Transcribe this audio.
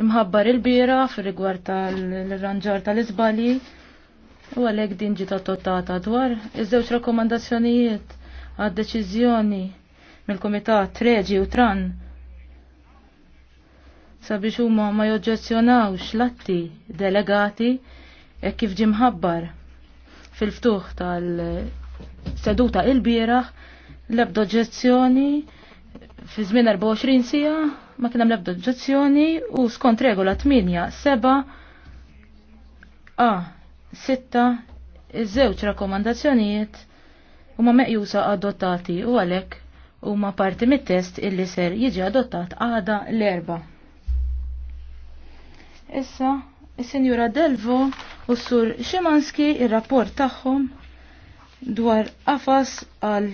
imħabbar il-bira fil rigward tal-ranġar tal-izbali u għalhekk din ġiet adottata dwar iż-żewġ rakkomandazzjonijiet għad-deċiżjoni mill-Kumitat Reġi u Tran sabiex huma ma joġġezzjonawx l-atti delegati e kif mħabbar fil-ftuħ tal-seduta il-bieraħ l-ebda oġġezzjoni fi żmien 24 sija ma kien hemm l-ebda oġġezzjoni u skont regola 8 7 a 6 iż-żewġ rakkomandazzjonijiet huma meqjusa adottati u għalhekk huma parti mit-test illi ser jiġi adottat għada l-erba. Issa, il sinjura Delvo u s-Sur Szymanski il rapport tagħhom dwar qafas għal